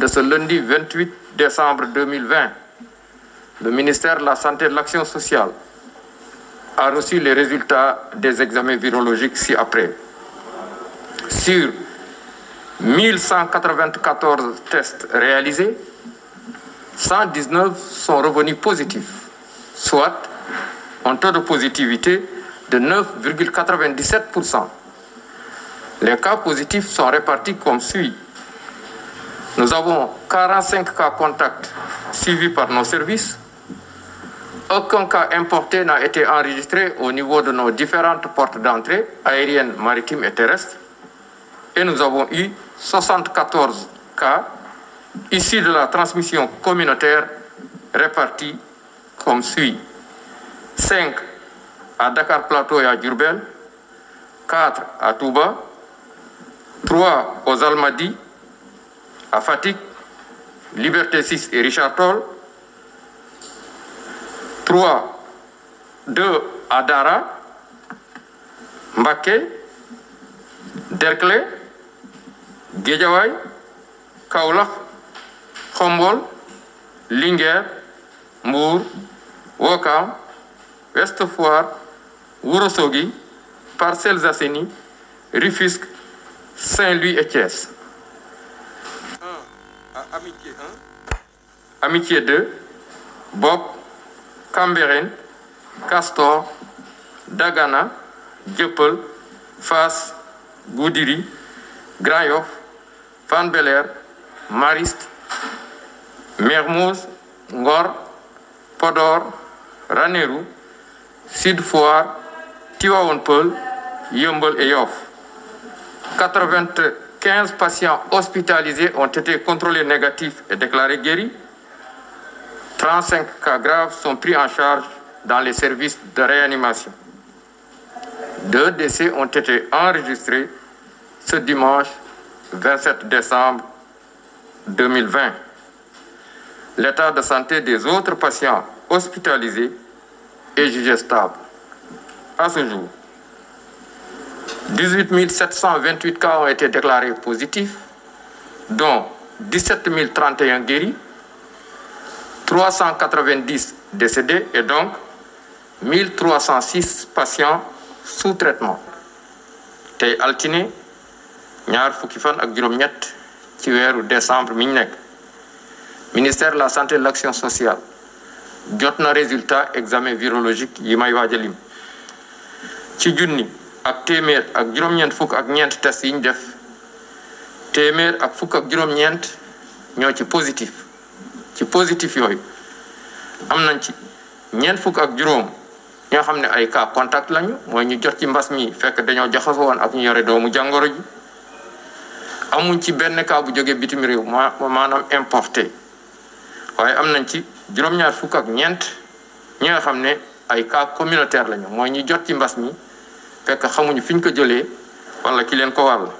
de ce lundi 28 décembre 2020, le ministère de la Santé et de l'Action sociale a les résultats des examens virologiques ci-après. Sur 1194 tests réalisés, 119 sont revenus positifs, soit un taux de positivité de 9,97%. Les cas positifs sont répartis comme suit. Nous avons 45 cas contacts suivis par nos services. Aucun cas importé n'a été enregistré au niveau de nos différentes portes d'entrée aériennes, maritimes et terrestres. Et nous avons eu cas issus de la transmission communautaire répartis comme suit. 5 à Dakar Plateau et à Durbel, 4 à Touba, 3 aux Almadies, à Fatick Liberté 6 et Richard Toll 3 2 à Dara Mbacké Derklé Guédiawaye Kaolack Khombol Linguère Mbour Ouakam Ouest Foire Ourossogui Parcelles Assainies Rufisque Saint-Louis et Amitié 1. Amitié 2. Bob. Cambérène. Castor. Dagana. Dieuppeul. Fass. Goudiri. Grand Yoff. Fann Bel-Air. Mariste. Ngor. Podor. Ranérou. Sud Foire. Tivaouane et Yoff. 15 patients hospitalisés ont été contrôlés négatifs et déclarés guéris. 35 cas graves sont pris en charge dans les services de réanimation. Deux décès ont été enregistrés ce dimanche 27 décembre 2020. L'état de santé des autres patients hospitalisés est stable. À 18 728 cas ont été déclarés positifs, dont 17 031 guéris, 390 décédés et donc 1306 patients sous traitement tey altine ñaar fukki fan ak juróom-ñett ci weeru décembre mi ñu nekk ministère de la santé et de l'action sociale jot na résultat examen virologique yi may waaj a lim ci junni ak téeméer ak juróom-ñeent fukk ak ñeent test yi ñu def téeméer ak fukk ak juróom-ñeent ñoo ci positif ci positif yooyu am nañ ci ñeent fukk ak juróom ñoo xam ne ay cas contact lañu mooy ñu jot ci mbas mi fekk dañoo jaxasoo ak ñu yore doomu jàngoro ji amuñ ci benn cas bu bitim réew ma maanaam importé waaye am nañ ci juróom ak ñeent ñi xam ne ay cas communautaire lañu mooy jot ci mbas mi. fekk xamuñu fi ko jëlee wala ki leen ko waral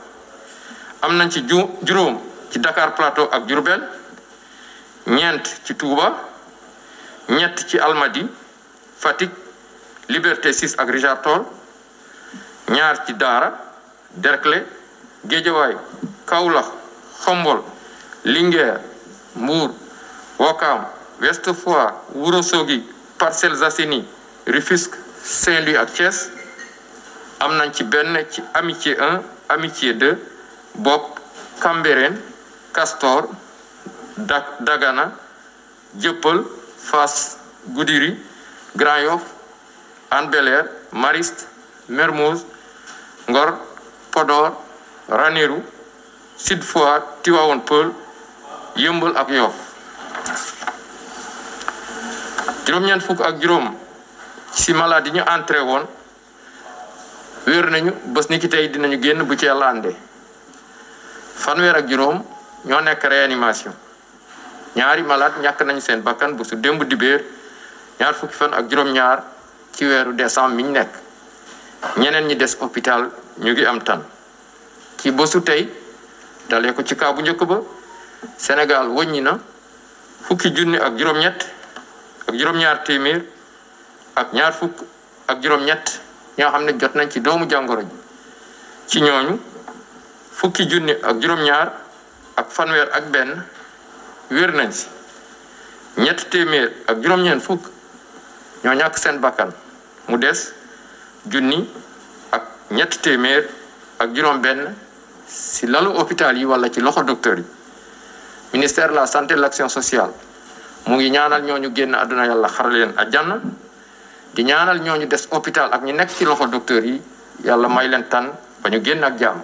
am nañ ci ju juróom ci Dakar Plateau ak Diourbel ñeent ci Touba ñett ci Almadi Fatick Liberté 6 ak Richard Toll ñaar ci Daara Derklé Géejawaay Kaolack Xombol Linguère Mbour Ouakam Ouest Foire Ourossogui Parcelles Assainies Rufisque Saint-Louis ak Thiès am nañ ci benn ci amitié 1 amitié 2 bopp Cambérène Castor da Jëppal Fass Goudiri Grand Yoff Hann bel Mariste Mermoz Ngor Podor Ranérou Sud Foire Tivaouane Peulh Yëmbal ak Yoff juróom-ñeent fukk ak juróom ci malade ñu entré woon wéer nañu bës ni ki tey dinañu génn bu ci yàlla àndee fanweer ak juróom ñoo nekk réanimation ñaari malade ñàkk nañu seen bakkan bu su démb dibéer ñaar fukki fan ak juróom-ñaar ci weeru décembre mi ñu nekk ñeneen ñi des hôpital ñu ngi am tan ci bésu tey dalee ko ci kaa bu njëkk ba Sénégal wëññi na fukki junni ak juróom-ñett ak juróom-ñaar téeméer ak ñaar fukk ak juróom-ñett ñoo xam ne jot nañ ci doomu jàngoro ji ci ñooñu fukki junni ak juróom-ñaar ak fanweer ak benn wér nañ si ñetti téeméer ak juróom-ñeent fukk ñoo ñàkk seen bakkan mu des junni ak ñett téeméer ak juróom-benn si lalu hôpital yi wala ci loxo docteur yi ministère la santé de l'action sociale mu ngi ñaanal ñu génn àdduna yàlla xar leen àjjana di ñaanal ñooñu des hôpital ak ñu nekk ci loxo docteur yi yàlla may leen tan ba ñu génn ak jàmm